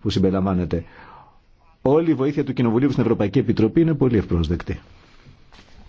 που συμπεριλαμβάνεται. Όλη η βοήθεια του Κοινοβουλίου στην Ευρωπαϊκή Επιτροπή είναι πολύ ευπρόσδεκτη.